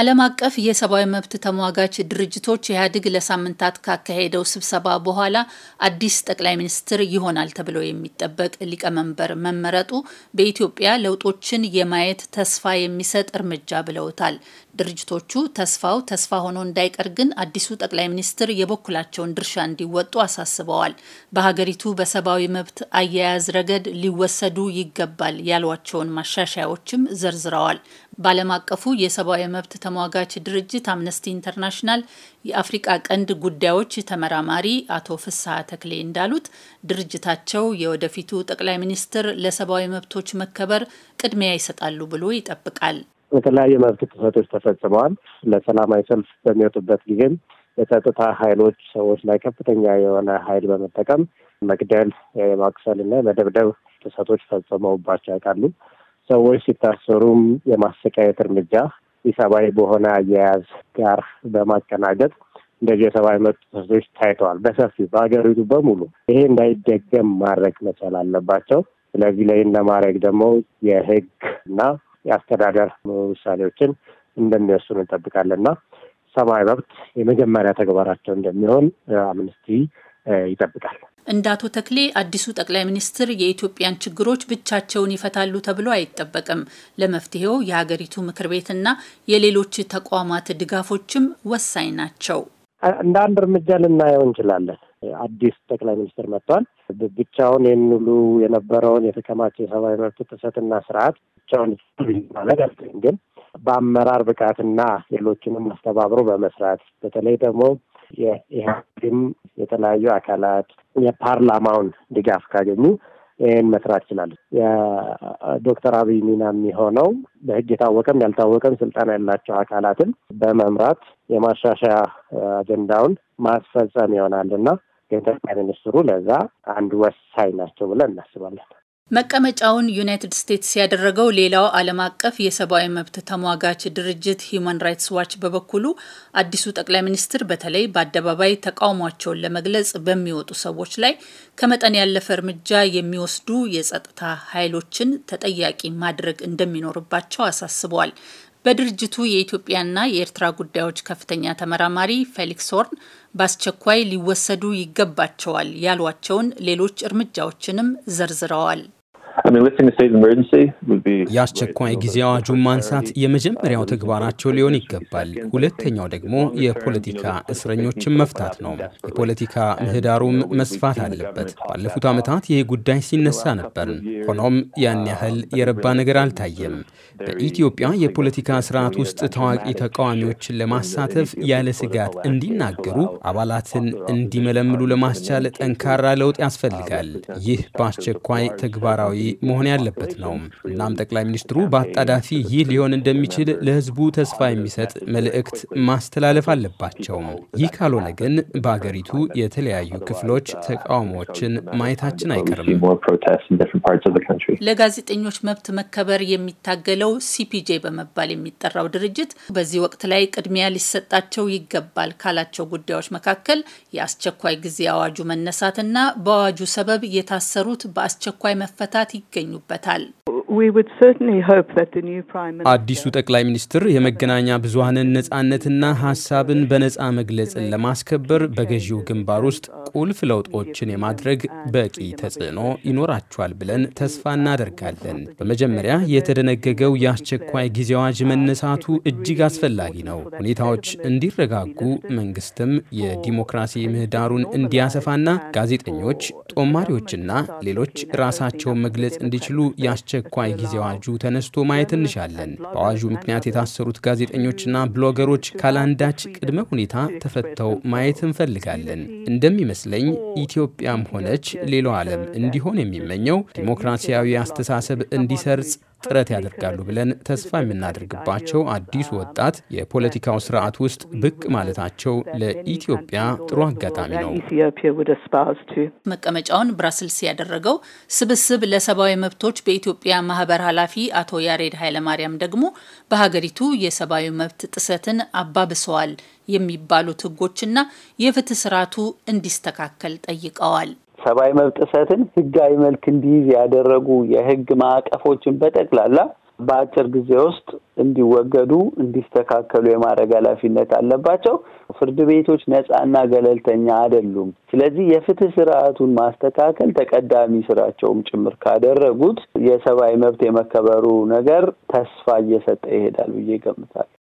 ዓለም አቀፍ የሰብአዊ መብት ተሟጋች ድርጅቶች ኢህአዴግ ለሳምንታት ካካሄደው ስብሰባ በኋላ አዲስ ጠቅላይ ሚኒስትር ይሆናል ተብሎ የሚጠበቅ ሊቀመንበር መመረጡ በኢትዮጵያ ለውጦችን የማየት ተስፋ የሚሰጥ እርምጃ ብለውታል። ድርጅቶቹ ተስፋው ተስፋ ሆኖ እንዳይቀር ግን አዲሱ ጠቅላይ ሚኒስትር የበኩላቸውን ድርሻ እንዲወጡ አሳስበዋል። በሀገሪቱ በሰብአዊ መብት አያያዝ ረገድ ሊወሰዱ ይገባል ያሏቸውን ማሻሻያዎችም ዘርዝረዋል። በዓለም አቀፉ የሰብአዊ መብት ተሟጋች ድርጅት አምነስቲ ኢንተርናሽናል የአፍሪቃ ቀንድ ጉዳዮች ተመራማሪ አቶ ፍስሐ ተክሌ እንዳሉት ድርጅታቸው የወደፊቱ ጠቅላይ ሚኒስትር ለሰብአዊ መብቶች መከበር ቅድሚያ ይሰጣሉ ብሎ ይጠብቃል። የተለያዩ መብት ጥሰቶች ተፈጽመዋል። ለሰላማዊ ሰልፍ በሚወጡበት ጊዜም የጸጥታ ኃይሎች ሰዎች ላይ ከፍተኛ የሆነ ኃይል በመጠቀም መግደል፣ እና የመደብደብ ጥሰቶች ፈጽመውባቸው ያውቃሉ። ሰዎች ሲታሰሩም የማሰቃየት እርምጃ ኢሰብአዊ በሆነ አያያዝ ጋር በማቀናገጥ እንደዚህ የሰብአዊ መብት ጥሰቶች ታይተዋል በሰፊው በሀገሪቱ በሙሉ። ይሄ እንዳይደገም ማድረግ መቻል አለባቸው። ስለዚህ ላይ ለማድረግ ደግሞ የህግ እና የአስተዳደር ውሳኔዎችን እንደሚወስኑ እንጠብቃለንና ሰብአዊ መብት የመጀመሪያ ተግባራቸው እንደሚሆን አምነስቲ ይጠብቃል። እንደ አቶ ተክሌ አዲሱ ጠቅላይ ሚኒስትር የኢትዮጵያን ችግሮች ብቻቸውን ይፈታሉ ተብሎ አይጠበቅም። ለመፍትሄው የሀገሪቱ ምክር ቤትና የሌሎች ተቋማት ድጋፎችም ወሳኝ ናቸው። እንደ አንድ እርምጃ ልናየው እንችላለን። አዲስ ጠቅላይ ሚኒስትር መጥቷል። ብቻውን ይህን ሁሉ የነበረውን የተከማቸ የሰብአዊ መብት ጥሰትና ስርዓት ብቻውን ማለት አልችልም፣ ግን በአመራር ብቃትና ሌሎችንም አስተባብሮ በመስራት በተለይ ደግሞ የኢህአዴግን የተለያዩ አካላት የፓርላማውን ድጋፍ ካገኙ ይህን መስራት ይችላል። የዶክተር አብይ ሚና የሚሆነው በህግ የታወቀም ያልታወቀም ስልጣን ያላቸው አካላትን በመምራት የማሻሻያ አጀንዳውን ማስፈጸም ይሆናል እና የጠቅላይ ሚኒስትሩ ለዛ አንድ ወሳኝ ናቸው ብለን እናስባለን። መቀመጫውን ዩናይትድ ስቴትስ ያደረገው ሌላው ዓለም አቀፍ የሰብአዊ መብት ተሟጋች ድርጅት ሂዩማን ራይትስ ዋች በበኩሉ አዲሱ ጠቅላይ ሚኒስትር በተለይ በአደባባይ ተቃውሟቸውን ለመግለጽ በሚወጡ ሰዎች ላይ ከመጠን ያለፈ እርምጃ የሚወስዱ የጸጥታ ኃይሎችን ተጠያቂ ማድረግ እንደሚኖርባቸው አሳስበዋል። በድርጅቱ የኢትዮጵያና የኤርትራ ጉዳዮች ከፍተኛ ተመራማሪ ፌሊክስ ሆርን በአስቸኳይ ሊወሰዱ ይገባቸዋል ያሏቸውን ሌሎች እርምጃዎችንም ዘርዝረዋል። የአስቸኳይ ጊዜ አዋጁን ማንሳት የመጀመሪያው ተግባራቸው ሊሆን ይገባል። ሁለተኛው ደግሞ የፖለቲካ እስረኞችን መፍታት ነው። የፖለቲካ ምህዳሩም መስፋት አለበት። ባለፉት ዓመታት ይህ ጉዳይ ሲነሳ ነበር። ሆኖም ያን uh, ያህል የረባ ነገር አልታየም። በኢትዮጵያ የፖለቲካ ስርዓት ውስጥ ታዋቂ ተቃዋሚዎችን ለማሳተፍ ያለ ስጋት እንዲናገሩ፣ አባላትን እንዲመለምሉ ለማስቻል ጠንካራ ለውጥ ያስፈልጋል። ይህ በአስቸኳይ ተግባራዊ መሆን ያለበት ነው። እናም ጠቅላይ ሚኒስትሩ በአጣዳፊ ይህ ሊሆን እንደሚችል ለህዝቡ ተስፋ የሚሰጥ መልእክት ማስተላለፍ አለባቸው። ይህ ካልሆነ ግን በአገሪቱ የተለያዩ ክፍሎች ተቃውሞዎችን ማየታችን አይቀርም። ለጋዜጠኞች መብት መከበር የሚታገለው ሲፒጄ በመባል የሚጠራው ድርጅት በዚህ ወቅት ላይ ቅድሚያ ሊሰጣቸው ይገባል ካላቸው ጉዳዮች መካከል የአስቸኳይ ጊዜ አዋጁ መነሳትና በአዋጁ ሰበብ የታሰሩት በአስቸኳይ መፈታት ይገኙበታል። አዲሱ ጠቅላይ ሚኒስትር የመገናኛ ብዙኃንን ነጻነትና ሀሳብን በነጻ መግለጽን ለማስከበር በገዢው ግንባር ውስጥ ቁልፍ ለውጦችን የማድረግ በቂ ተጽዕኖ ይኖራቸዋል ብለን ተስፋ እናደርጋለን። በመጀመሪያ የተደነገገው የአስቸኳይ ጊዜ አዋጅ መነሳቱ እጅግ አስፈላጊ ነው። ሁኔታዎች እንዲረጋጉ መንግስትም የዲሞክራሲ ምህዳሩን እንዲያሰፋና ጋዜጠኞች፣ ጦማሪዎችና ሌሎች ራሳቸውን መግለጽ እንዲችሉ የአስቸኳይ የአስቸኳይ ጊዜ አዋጁ ተነስቶ ማየት እንሻለን። በአዋጁ ምክንያት የታሰሩት ጋዜጠኞችና ብሎገሮች ካላንዳች ቅድመ ሁኔታ ተፈተው ማየት እንፈልጋለን። እንደሚመስለኝ ኢትዮጵያም ሆነች ሌላው ዓለም እንዲሆን የሚመኘው ዲሞክራሲያዊ አስተሳሰብ እንዲሰርጽ ጥረት ያደርጋሉ ብለን ተስፋ የምናደርግባቸው አዲሱ ወጣት የፖለቲካው ስርዓት ውስጥ ብቅ ማለታቸው ለኢትዮጵያ ጥሩ አጋጣሚ ነው። መቀመጫውን ብራስልስ ያደረገው ስብስብ ለሰብአዊ መብቶች በኢትዮጵያ ማህበር ኃላፊ አቶ ያሬድ ኃይለማርያም ደግሞ በሀገሪቱ የሰብአዊ መብት ጥሰትን አባብሰዋል የሚባሉት ህጎችና የፍትህ ስርዓቱ እንዲስተካከል ጠይቀዋል። ሰብአዊ መብት ጥሰትን ህጋዊ መልክ እንዲይዝ ያደረጉ የህግ ማዕቀፎችን በጠቅላላ በአጭር ጊዜ ውስጥ እንዲወገዱ፣ እንዲስተካከሉ የማድረግ ኃላፊነት አለባቸው። ፍርድ ቤቶች ነጻና ገለልተኛ አይደሉም። ስለዚህ የፍትህ ስርዓቱን ማስተካከል ተቀዳሚ ስራቸውም ጭምር ካደረጉት የሰብአዊ መብት የመከበሩ ነገር ተስፋ እየሰጠ ይሄዳል ብዬ እገምታለሁ።